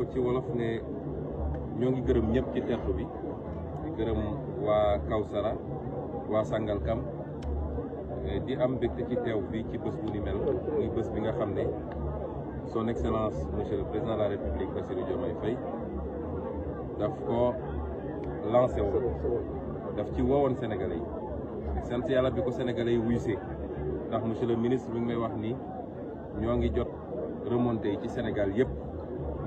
ko ci wolof ne ñoo ngi gërëm ñëpp ci teexlu bi di gërëm Kawsara eh, di am mbégte ci teew bi ci bés bu ni mel muy bés bi nga xam son excellence monsieur le président de la république Bassirou Diomaye Faye daf ko lancé woon daf ci woowoon sénégalais yi sant yàlla bi ko sénégalais yi wuyusee ndax monsieur le ministre mi ngi may wax ni ñoo ngi jot remonté ci Sénégal yëpp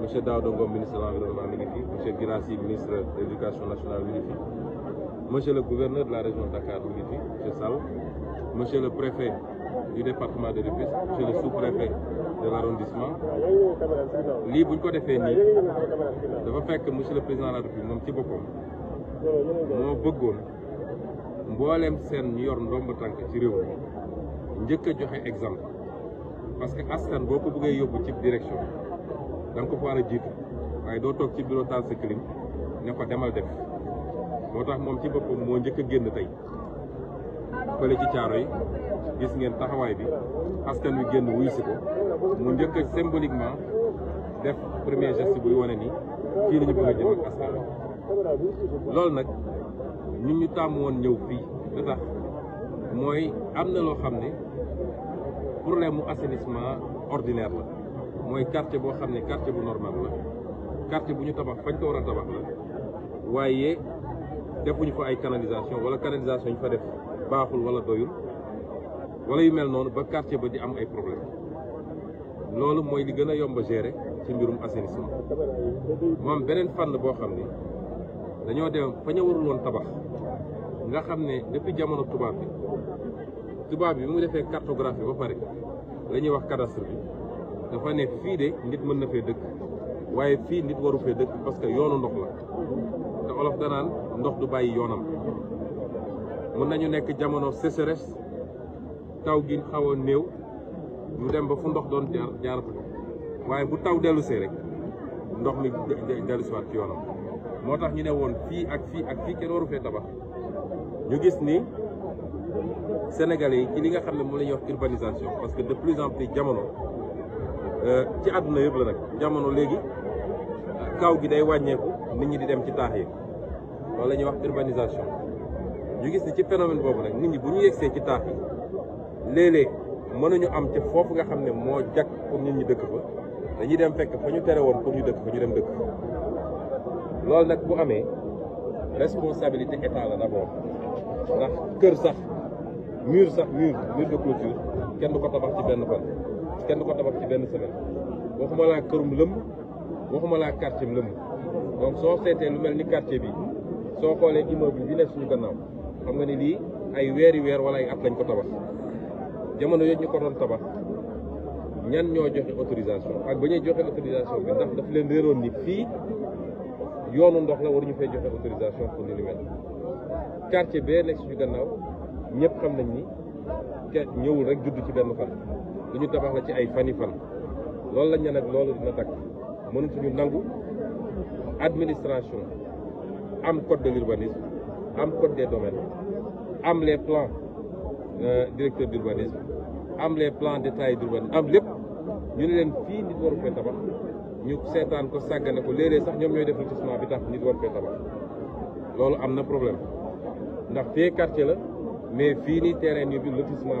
monsieur Daudongo, ministre de l'environnement de monsieur ministre de l'éducation nationale Minifi. monsieur le gouverneur de la région de Dakar M. monsieur le préfet du département de Rufisque monsieur le sous-préfet de l'arrondissement lii buñ ko ça va dafa que monsieur le président de la République moom ci un Sen ñu exemple parce que il y a bëggee une ci direction da ko fa war a jiitu waaye doo toog ci bureau taal sa clim ne ko demal def moo tax moom ci boppam moo njëkk a génn tey fële ci caaro yi gis ngeen taxawaay bi askan wi génn wuyu si ko mu njëkk a symboliquement def premier geste buy wane ni fii la ñu bëgg ak askan loolu nag ñun ñu tàmm woon ñëw fii lu tax mooy am na loo xam ne problème mu assainissement ordinaire la mooy quartier boo xam ne quartier bu normal la quartier bu ñu tabax fañ ko war a tabax la waaye defuñu fa ay canalisation wala canalisation ñu fa def baaxul wala doyul wala yu mel noonu ba quartier ba di am ay problème loolu mooy li gën a yomb a gérer ci mbirum assainissement moom beneen fànn boo xam ne dañoo dem fa ñu warul woon tabax nga xam ne depuis jamono tubaab bi tubaab bi mu defee cartographie ba pare lañuy wax cadastre bi dafa ne fii de nit mën na fee dëkk waaye fii nit waru fee dëkk parce que yoonu ndox la te olof danaan ndox du bàyyi yoonam mën nañu nekk jamono sécheresse taw gi xaw néew mu dem ba fu ndox doon jaar jaar fa waaye bu taw dellu see rek ndox mi dellu siwaat ci yoonam moo tax ñu ne woon fii ak fii ak fii kenn waru fee tabax ñu gis ni Sénégalais yi ci li nga xam ne moom la ñuy wax urbanisation parce que de plus en jamono Euh, ci àdduna yëpp la nag jamono léegi kaw gi day wàññeeku nit ñi di dem ci taax yi loolu la ñuy wax urbanisation ñu gis ni ci phénomène boobu nag nit ñi bu ñu yegsee ci taax yi léeg-léeg mënuñu am ci foofu nga xam ne moo jag pour nit ñi dëkk fa dañuy dem fekk fa ñu tere woon pour ñu dëkk fa ñu dem dëkk fa loolu nag bu amee responsabilité état la d'abord ndax kër sax mur sax mur mur de clôture kenn du ko tabax ci benn fan kenn du ko tabax ci benn semaine waxuma laa kërum lëmb waxuma laa quartier am lëmb donc soo seetee lu mel ni quartier bi soo xoolee immeuble bi nekk suñu gannaaw xam nga ne lii ay weeri weer wala ay at lañ ko tabax jamono yooyu ñu ko doon tabax ñoo joxe autorisation ak ba ñuy joxe autorisation bi ndax daf leen réeroon ni fii yoonu ndox la waruñu fay joxe autorisation pour ni lu mel quartier bee nekk suñu gannaaw ñëpp xam nañ ni ñëwul rek judd ci benn fan lu ñu tabax la ci ay fani fan loolu lañ ne nag loolu dina takk mënatuñu nangu administration am code de l'urbanisme am code des domaines am les plans euh, directeurs d'urbanisme am les plans détaillés d'urbanisme am lépp ñu ne leen fii nit waru fee tabax ñu seetaan ko sàggane ko léeg-léeg sax ñoom ñooy def lotissement bi tax nit waru fee tabax loolu am na problème ndax fee quartier la mais fii nii terrain yu bi lotissement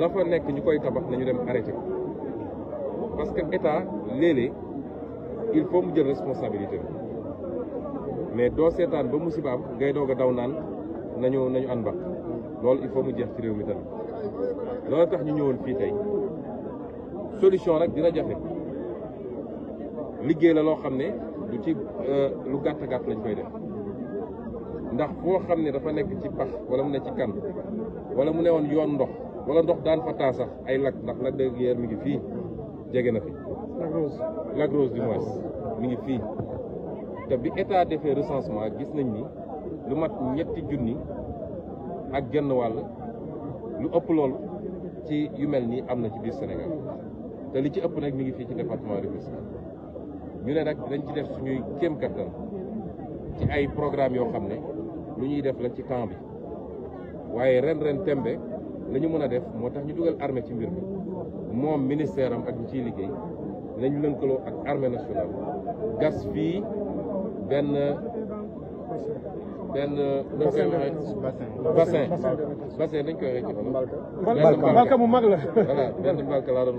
la fa nekk ñu koy tabax nañu dem arrêté parce que état léeg il faut mu jël responsabilité bi mais doo seetaan ba musibaam ngay doog a daw naan nañu nañu an bak loolu il faut mu jeex ci réew mi tamit loolu tax ñu ñëwoon fii tey solution rek dina jafe liggéey la loo xam du ci euh, lu gàtt gàtt lañ koy def ndax foo xam ne dafa nekk ci pax wala mu ne ci kan wala mu ne woon yoon ndox wala ndox daan fa taa sax ay lac ndax Lac de Guiers mi ngi fii jege na fi. Lac Rose Lac Rose du moins mi ngi fii te bi état defee recensement gis nañ ni lu mat ñetti junni ak genn wàll lu ëpp loolu ci yu mel nii am na ci biir Sénégal te li ci ëpp nag mi ngi fii ci département Rufisque ñu ne nag dañ ci def suñuy kéem kattan ci ay programme yoo xam ne lu def la ci temps bi waaye ren ren tembe la ñu mën a def moo tax ñu dugal armée ci mbir mi moom ministère am ak ñi ciy liggéey dinañ lënkaloo ak armée nationale gas fii ben ben dañ koy waxee bassin bassin dañ koy waxee ci xanaa mbalka mu mag la voilà ben mbalka laa doon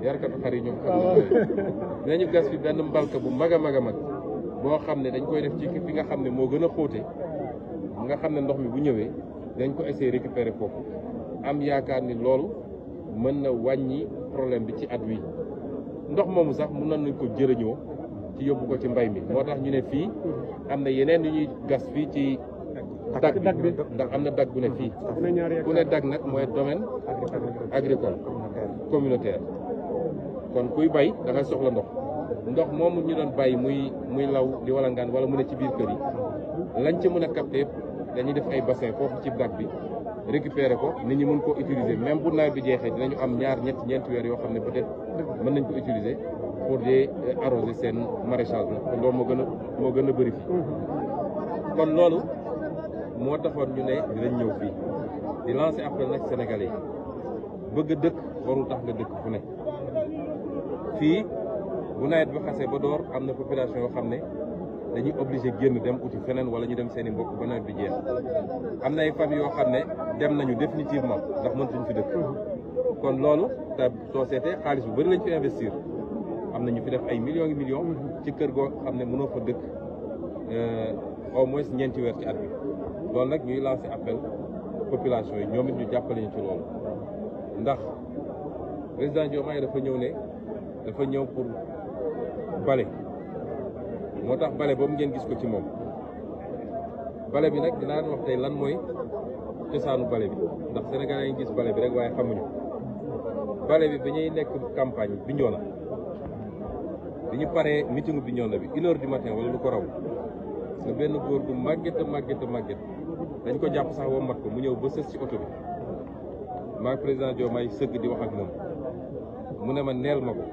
yarkatu xar yi ñoom xam dinañu ah, gas fi ben mbalka bu mag a mag a mag boo xam ne dañ koy def ci fi nga xam ne moo gën a xóote nga xam ne ndox mi bu ñëwee dañ ko essayer récupérer foofu am yaakaar ni loolu mën na wàññi problème bi ci at wi ndox moomu sax mun nañ ko jërëñoo ci yóbbu ko ci mbay mi moo tax ñu ne fii am na yeneen yu ñuy gas fii ci dag bi ndax am na dag bu ne fii ku ne dagg nag mooy domaine agricole communautaire kon kuy bay da ngay soxla ndox ndox moomu ñu doon bàyyi muy muy law di walangaan wala mu ne ci biir kër yi lañ ci mën a capté yëpp dañuy def ay bassin foofu ci dag bi récupérer ko nit ñi mën ko utiliser même bu nawet bi jeexee dinañu am ñaar ñett ñeenti weer yoo xam ne peut-être mën nañ ko utiliser pour di euh, arroser seen maraîchage la kon loolu moo gën a moo gën a bëri fi kon loolu moo taxoon ñu ne dinañ ñëw fii di lancer appel nag Sénégalais yi bëgg dëkk warul tax nga dëkk fu ne fii bu nawet bi xasee ba door am na population yoo xam ne dañuy obligé génn dem uti feneen wala ñu dem seen i mbokk ba nawet bi jeex am na ay famille yoo xam ne dem nañu définitivement ndax mëntuñ fi dëkk kon loolu ta société xaalis bu bëri lañ fi investir am nañu fi def ay millions yi millions ci kër goo xam ne mënoo fa dëkk euh, au moins ñeenti weer ci at bi loolu nag ñuy lancer appel population yi ñoom it ñu jàppale ñu ci loolu ndax président Diomaye dafa ñëw ne dafa ñëw pour bale moo tax bale boobu ngeen gis ko ci moom bale bi nag dinaa wax tey lan mooy cosaanu bale bi ndax sénégalais yi gis bale bi rek waaye xamuñu bale bi bi ñuy nekk campagne bi Bignona bi ñu paree meeting Bignona bi une heure du matin wala lu ko raw nga benn góor gu màgget màgget màgget dañ ko jàpp sax wam mat ko mu ñëw ba sës ci oto bi maa président Diomaye sëgg di wax ak moom mu ne ma neel ma ko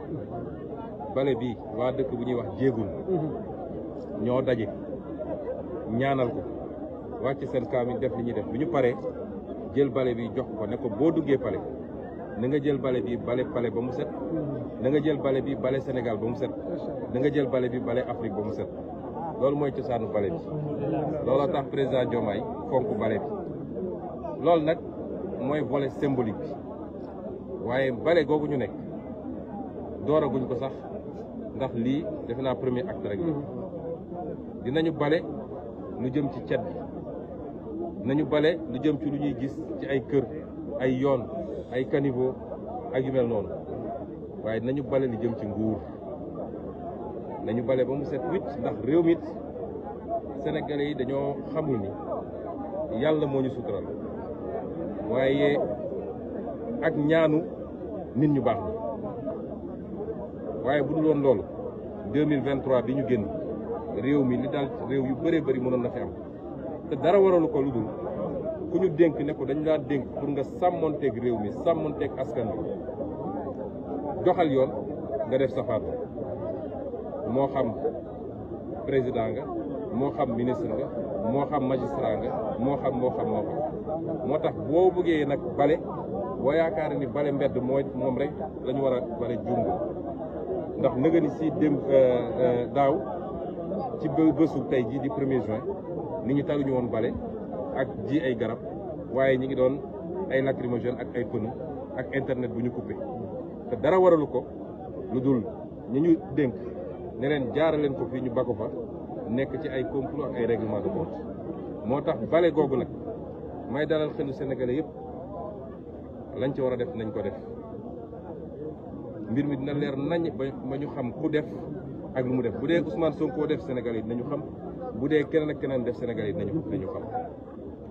bale bi waa dëkk bu ñuy wax jéegul mhm. ñoo daje ñaanal ko wàcc seen kaamil def li ñuy def bu ñu paree jël bale bi jox ko ne ko boo duggee pale na nga jël bale bi bale pale ba mu set na nga jël bale bi bale Sénégal ba mu set na nga jël bale bi bale Afrique ba mu set loolu mooy cosaanu bale bi looloo tax président Diomaye fonk bale bi loolu nag mooy volet symbolique waaye bale googu ñu nekk dooraguñ ko sax ndax lii defe naa premier acte rek dinañu bale lu jëm ci cet bi nañu bale lu jëm ci lu ñuy gis ci ay kër ay yoon ay caniveau ak yu noonu waaye nañu bale lu jëm ci nguur nañu bale ba mu set wicc ndax réew mi senegale yi dañoo xamul ni yàlla moo ñu sutural waaye ak ñaanu nit ñu baax ni waaye bu dul woon loolu 2023 bi ñu génn réew mi li daal réew yu bëree bëri mënoon na fi am te dara waralu ko lu dul ku ñu dénk ne ko dañu laa dénk pour nga sàmmonteeg réew mi sàmmonteeg askan bi doxal yoon nga def safaan moo xam président nga moo xam ministre nga moo xam magistrat nga moo xam moo xam moo xam moo tax boo bëggee nag bale boo yaakaar ni bale mbedd mooy moom rek lañu war a bale jumb ndax nëgëni si dem euh, euh, daaw ci bésu tey jii di premier juin nit ñi tàlluñu woon bale ak ji ay garab waaye ñi ngi doon ay lacrymogène ak ay pneu ak internet bu ñu coupé te dara waralu ko lu dul ñu ñu dénk ne leen jaara leen ko fii ñu bako fa nekk ci ay complot ak ay règlement de compte moo tax bale googu nag may dalal xelu senegale yépp lañ ci war a def nañ ko def mbir mi dina leer nañ ba ñu xam ku def ak lu mu def bu Ousmane Sonko def sénégalais yi xam bu kenen ak kenen def sénégalais yi dinañu dinañu xam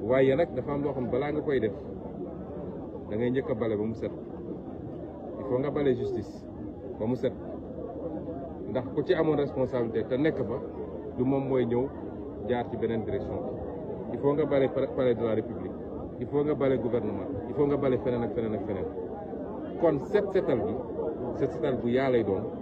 waaye nak dafa am lo xam bala nga koy def da ngay ñëk balé bale ba mu set il faut nga balé justice ba mu set ndax ku ci amoon responsabilité te nek fa du mom moy ñëw jaar ci benen direction il faut nga balé palais de la république il faut nga balé gouvernement il faut nga balé fenen ak fenen ak fenen kon set setal bi set setal bu yaa lay doon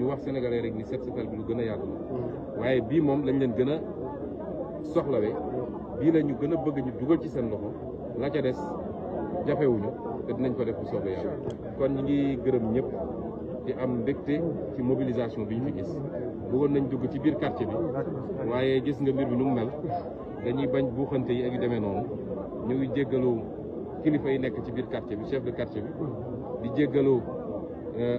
ñu wax sénégalais rek ni set setal bi lu gën a yàgg la mm. waaye bii moom lañ leen gën a soxlawe bii la ñu gën a bëgg ñu dugal ci seen loxo la ca des jafewuñu te dinañ ko def bu soobee kon ñu ngi gërëm ñëpp di am mbégte ci mobilisation bi ñu fi gis bëggoon nañ dugg ci biir quartier bi waaye gis nga mbir mi nu mu mel dañuy bañ buuxante yi ak yu demee noonu ñu ngi jéggalu kilifa yi nekk ci biir quartier bi chef de quartier bi di jéggalu euh,